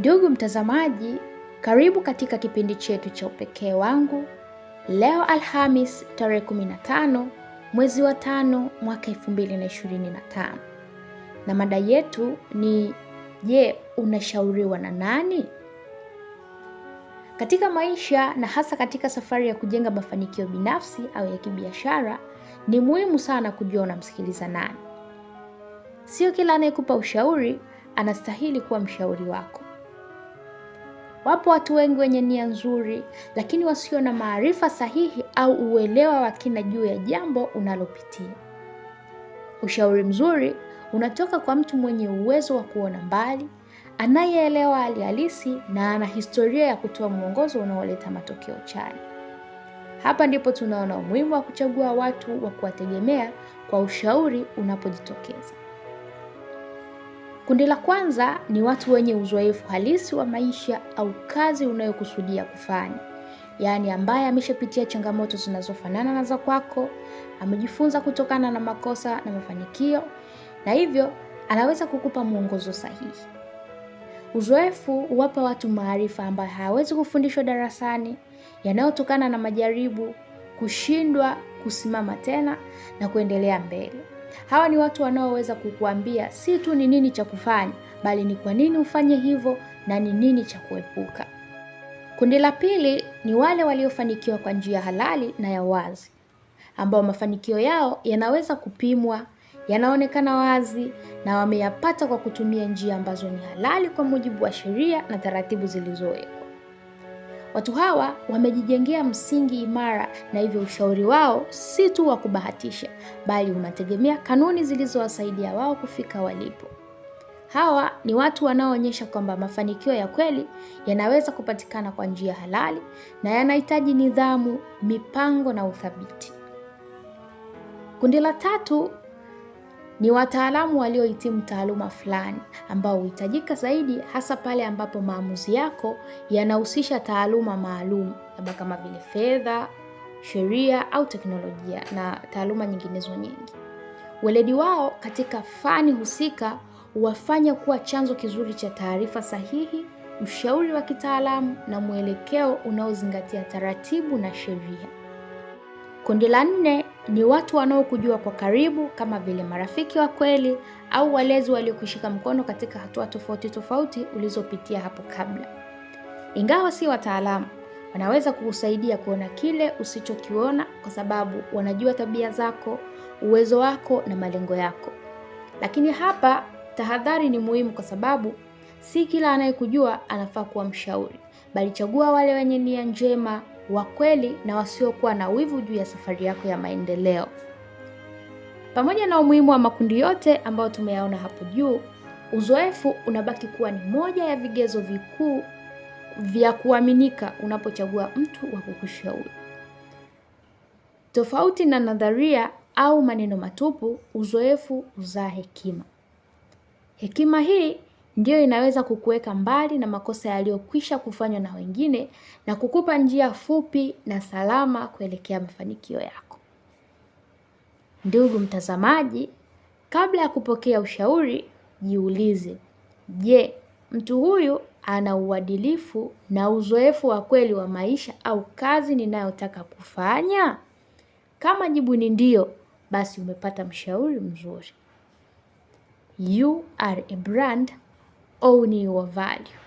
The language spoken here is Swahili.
Ndugu mtazamaji, karibu katika kipindi chetu cha Upekee wangu. Leo Alhamis tarehe 15 mwezi wa tano mwaka 2025, na mada yetu ni je, unashauriwa na nani? Katika maisha na hasa katika safari ya kujenga mafanikio binafsi au ya kibiashara, ni muhimu sana kujua unamsikiliza nani. Sio kila anayekupa ushauri anastahili kuwa mshauri wako. Wapo watu wengi wenye nia nzuri, lakini wasio na maarifa sahihi au uelewa wa kina juu ya jambo unalopitia. Ushauri mzuri unatoka kwa mtu mwenye uwezo wa kuona mbali, anayeelewa hali halisi na ana historia ya kutoa mwongozo unaoleta matokeo chanya. Hapa ndipo tunaona umuhimu wa kuchagua watu wa kuwategemea kwa ushauri unapojitokeza. Kundi la kwanza ni watu wenye uzoefu halisi wa maisha au kazi unayokusudia kufanya, yaani ambaye ameshapitia changamoto zinazofanana na za kwako, amejifunza kutokana na makosa na mafanikio, na hivyo anaweza kukupa mwongozo sahihi. Uzoefu huwapa watu maarifa ambayo hayawezi kufundishwa darasani, yanayotokana na majaribu, kushindwa, kusimama tena na kuendelea mbele. Hawa ni watu wanaoweza kukuambia si tu ni nini cha kufanya, bali ni kwa nini ufanye hivyo na ni nini cha kuepuka. Kundi la pili ni wale waliofanikiwa kwa njia halali na ya wazi, ambao mafanikio yao yanaweza kupimwa, yanaonekana wazi na wameyapata kwa kutumia njia ambazo ni halali kwa mujibu wa sheria na taratibu zilizowekwa. Watu hawa wamejijengea msingi imara na hivyo ushauri wao si tu wa kubahatisha, bali unategemea kanuni zilizowasaidia wao kufika walipo. Hawa ni watu wanaoonyesha kwamba mafanikio ya kweli yanaweza kupatikana kwa njia halali na yanahitaji nidhamu, mipango na uthabiti. Kundi la tatu ni wataalamu waliohitimu taaluma fulani ambao huhitajika zaidi hasa pale ambapo maamuzi yako yanahusisha taaluma maalum, labda kama vile fedha, sheria au teknolojia na taaluma nyinginezo nyingi. Weledi wao katika fani husika huwafanya kuwa chanzo kizuri cha taarifa sahihi, ushauri wa kitaalamu na mwelekeo unaozingatia taratibu na sheria. Kundi la nne ni watu wanaokujua kwa karibu kama vile marafiki wa kweli au walezi waliokushika mkono katika hatua tofauti tofauti ulizopitia hapo kabla. Ingawa si wataalamu, wanaweza kukusaidia kuona kile usichokiona kwa sababu wanajua tabia zako, uwezo wako na malengo yako. Lakini hapa tahadhari ni muhimu kwa sababu si kila anayekujua anafaa kuwa mshauri, bali chagua wale wenye nia njema, wa kweli na wasiokuwa na wivu juu ya safari yako ya maendeleo. Pamoja na umuhimu wa makundi yote ambayo tumeyaona hapo juu, uzoefu unabaki kuwa ni moja ya vigezo vikuu vya kuaminika unapochagua mtu wa kukushauri. Tofauti na nadharia au maneno matupu, uzoefu huzaa hekima. Hekima hii ndiyo inaweza kukuweka mbali na makosa yaliyokwisha kufanywa na wengine na kukupa njia fupi na salama kuelekea mafanikio yako. Ndugu mtazamaji, kabla ya kupokea ushauri, jiulize, je, mtu huyu ana uadilifu na uzoefu wa kweli wa maisha au kazi ninayotaka kufanya? Kama jibu ni ndio, basi umepata mshauri mzuri. You are a brand. ou o ovário.